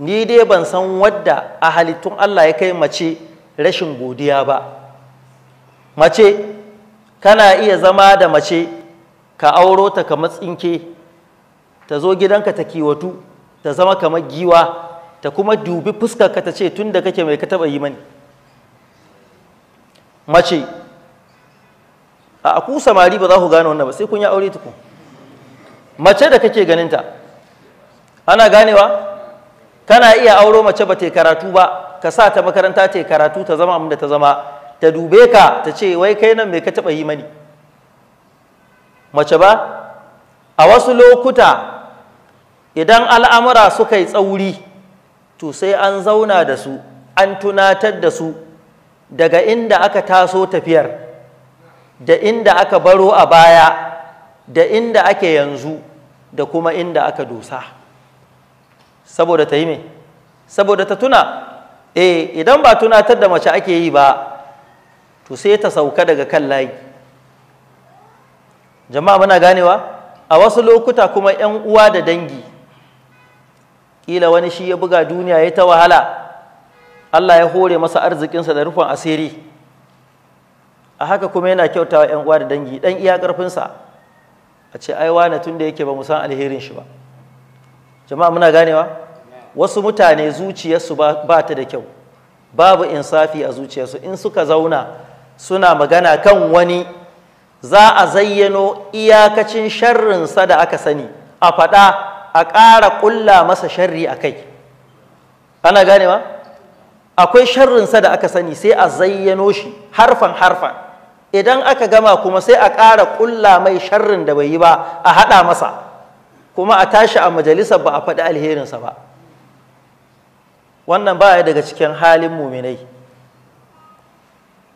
ni dai ban san wadda a halittun Allah ya kai mace rashin godiya ba mace kana iya zama da mace ka auro ta kamar tsinke ta zo gidanka ta kiwatu ta zama kamar giwa ta kuma dubi fuskarka ta ce tun da kake mai ka taɓa yi mani mace a ku samari ba za ku gane wannan ba sai kun yi aure tukun mace da kake ganinta ana ganewa kana iya auro mace ba ta karatu ba ka sa ta makaranta ta karatu ta zama da ta zama ta dube ka ta ce wai kai nan me ka taɓa yi mani mace ba a wasu lokuta idan al'amura suka yi tsauri to sai an zauna da su an tunatar da su daga inda aka taso tafiyar da inda aka baro a baya da inda ake yanzu da kuma inda aka dosa. saboda ta yi mai saboda ta tuna e, idan ba tunatar da mace ake yi ba to sai ta sauka daga kan layi jama'a muna ganewa a wasu lokuta kuma 'yan uwa da dangi kila wani shi ya buga duniya ya ta wahala Allah ya hore masa arzikinsa da rufin asiri a haka kuma yana kyautawa 'yan uwa da dangi dan iya karfinsa a ce ai wane tun yake ba mu san alherin shi ba jama'a muna ganewa wasu mutane zuciyarsu ba ta da kyau babu insafi a zuciyarsu in suka zauna suna magana kan wani za a zayyano iyakacin sharrinsa da aka sani a faɗa a ƙara ƙulla masa sharri a kai ana ganewa akwai sharrinsa da aka sani sai a zayyano shi harfan harfan idan aka gama kuma sai a ƙara ƙulla mai sharrin da bai yi ba a haɗa masa kuma a tashi a majalisa ba a faɗi alherinsa ba wannan ba ya daga cikin halin muminai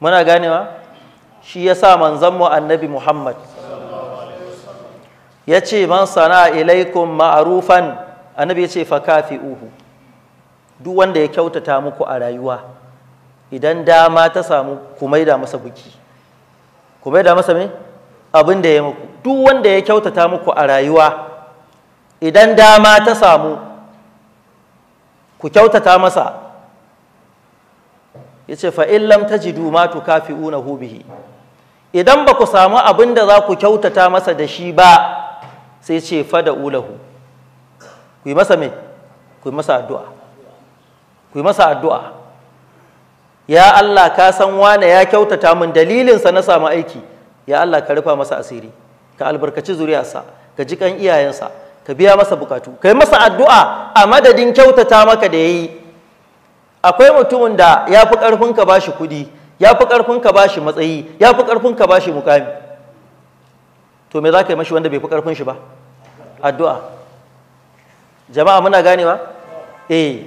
muna ganewa shi ya sa manzanmu annabi muhammad ya ce man sana ilaikum ma'arufan annabi ya ce fakafi uhu duk wanda ya kyautata muku a rayuwa idan dama ta samu kuma da masa buki kuma da masa me abin da ya muku duk wanda ya kyautata muku a rayuwa idan dama ta samu ku kyautata masa ya ce fa'illam ta ji duma tu kafi una hubihi idan ba ku samu abin da za ku kyautata masa da shi ba sai ce fada ulahu ku yi masa mai ku yi masa addu'a ku yi masa addu'a ya Allah ka san wane ya kyautata min dalilinsa na samu aiki ya Allah ka rufa masa asiri ka albarkaci zuriyarsa ka ji kan iyayensa ka biya masa bukatu ka yi masa addu'a a madadin kyautata maka da ya yi akwai mutumin da ya fi ƙarfin ka ba shi kuɗi ya fi ƙarfin ka ba shi matsayi ya fi ƙarfin ka ba shi mukami to me za ka yi mashi wanda bai fi ƙarfin shi ba addu'a jama'a muna ganewa eh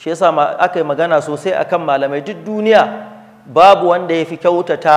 shi yasa aka yi magana sosai akan malamai duk duniya babu wanda ya fi kyautata